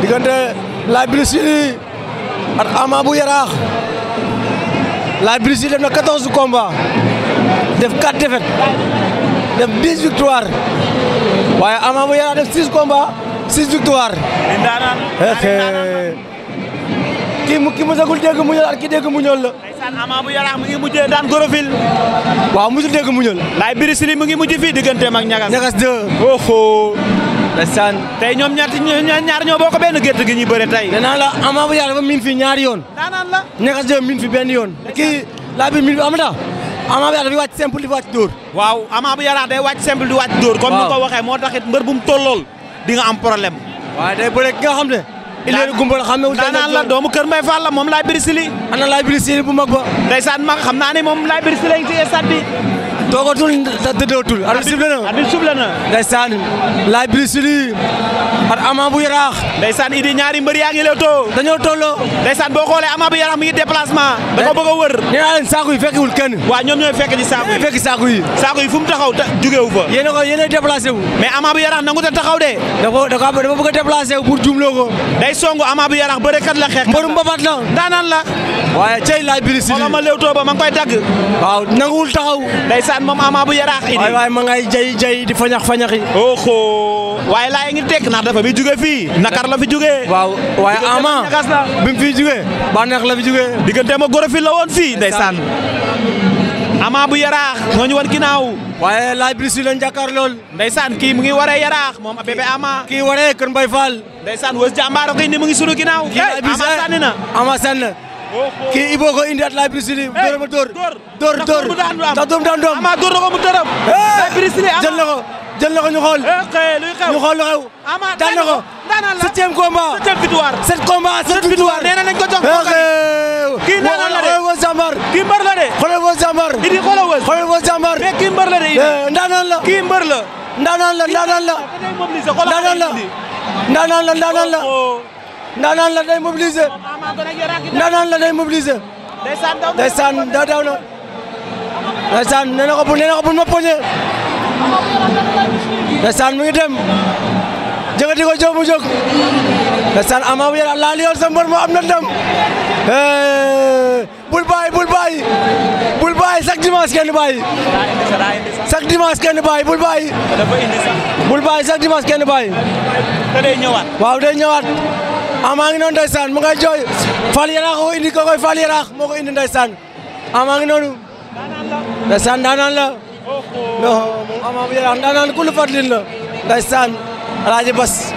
diggante Laye Bruce ak Ama bu Yaraax Laye Bruce def na 14 combats def 4 défaites def 10 victoires waaye Ama bu Yaraax def 6 combats 6 victoires. kii mu kii mu sagul dégg mu ñël ak ki dégg mu ñël la. mu ngi daan Gorofil. mu ñël. Laye Bruce mu ngi mujj fii digganteem ñagas. ñagas 2 ndeysaan tey ñoom ñaar ñaar ñoo bokk benn gétt gi ñuy bëre tey. nee naa la Ama bu Yàlla dafa miin fi ñaari yoon. daanaan la ñakas jëm miin fi benn yoon. kii laa bi miin fi am na bu Yàlla dafay wàcc simple di wàcc dóor. waaw Ama bu Yàlla day wàcc simple di wàcc dóor. comme ni ko waxee moo taxit mbër bu mu tollool am problème. waaye day bëre ki nga xam ne ileeri gumbal xam ne daanaan la doomu kër Mbay Fall la moom laay birisili ana laay birisili bu mag ba ndeysaan mag xam naa ne moom laay birisili ci stade bi toogatul tëddootul arbitre sifflé na arbitre sifflé na ndeysaan laay birisili ak ama bu yaraax ndeysaan idi ñaari mbër yaa ngi lew too dañoo tolloo boo xoolee ama bu yaraax mi ngi déplacement da ko bëgg a wër nee naa leen saako yi fekkiwul kenn waaw ñoom ñooy fekk ci saako yi fekk saako yi taxaw jugeewu fa yéen a ko yéen a déplacé wu mais ama bu yaraax nangu ta taxaw de dafa dafa bëgg a songu amaa bu Yarax bërekat la xeex. mbërum babat la daanaan la. waaye cey laay biri si xoolal ma Leewtoo ba ma ngi koy dagg. waaw nanguwul taxaw. ndeysaan moom Ama bu Yarax. waay waay ma ngay jay jay di fañax fañax yi. oho waaye laa ngi tekk ndax dafa bi jugee fii nakar la fi jugee. waaw waaye Ama bi mu fi jugee. bànneex la fi jugee. diggante ma goro fii la woon fii ndeysaan ama bu yaraax moo ñu wan ginnaaw waaye laay brise lañ jàkkaar lool ndeysaan kii mu ngi waree yaraax moom bébé ama kii waree kër Mbay Fall ndeysaan wës jàmbaaro koy ni mu ngi sunu ginnaaw ama sànni na ama sànni na kii Ibou ko indi at laay brise li dóor ma dóor dóor dóor da doom daan doom ama dóor na ko mu tërëm laay brise li jël na ko jël na ko ñu xool ñu xool lu xew daan na ko septième combat sept victoire sept combat sept victoire nee na nañ ko jox Eh, ndaanaan la kii mbër la ndaanaan la ndaanaan la ndaanaan la oh, oh. ndaanaan la mi ngi jëkkati ko jóg mu jóg ndeysaan Ama bu Yarax laal yoon sa mbër moo am na ndam eh, bul bàyyi bul bàyyi bul bàyyi chaque dimanche kenn bàyyi chaque dimanche kenn bàyyi bul bàyyi bul bàyyi chaque dimanche kenn bàyyi te day ñëwaat waaw day ñëwaat Ama ngi noonu ndeysaan mu ngay jooy Fall Yarax ko indi ko koy Fall Yarax moo ko indi ndeysaan Ama ngi noonu ndeysaan daanaan la non moom Ama bu Yarax daanaan ku lu fadlin la ndeysaan alaaji bas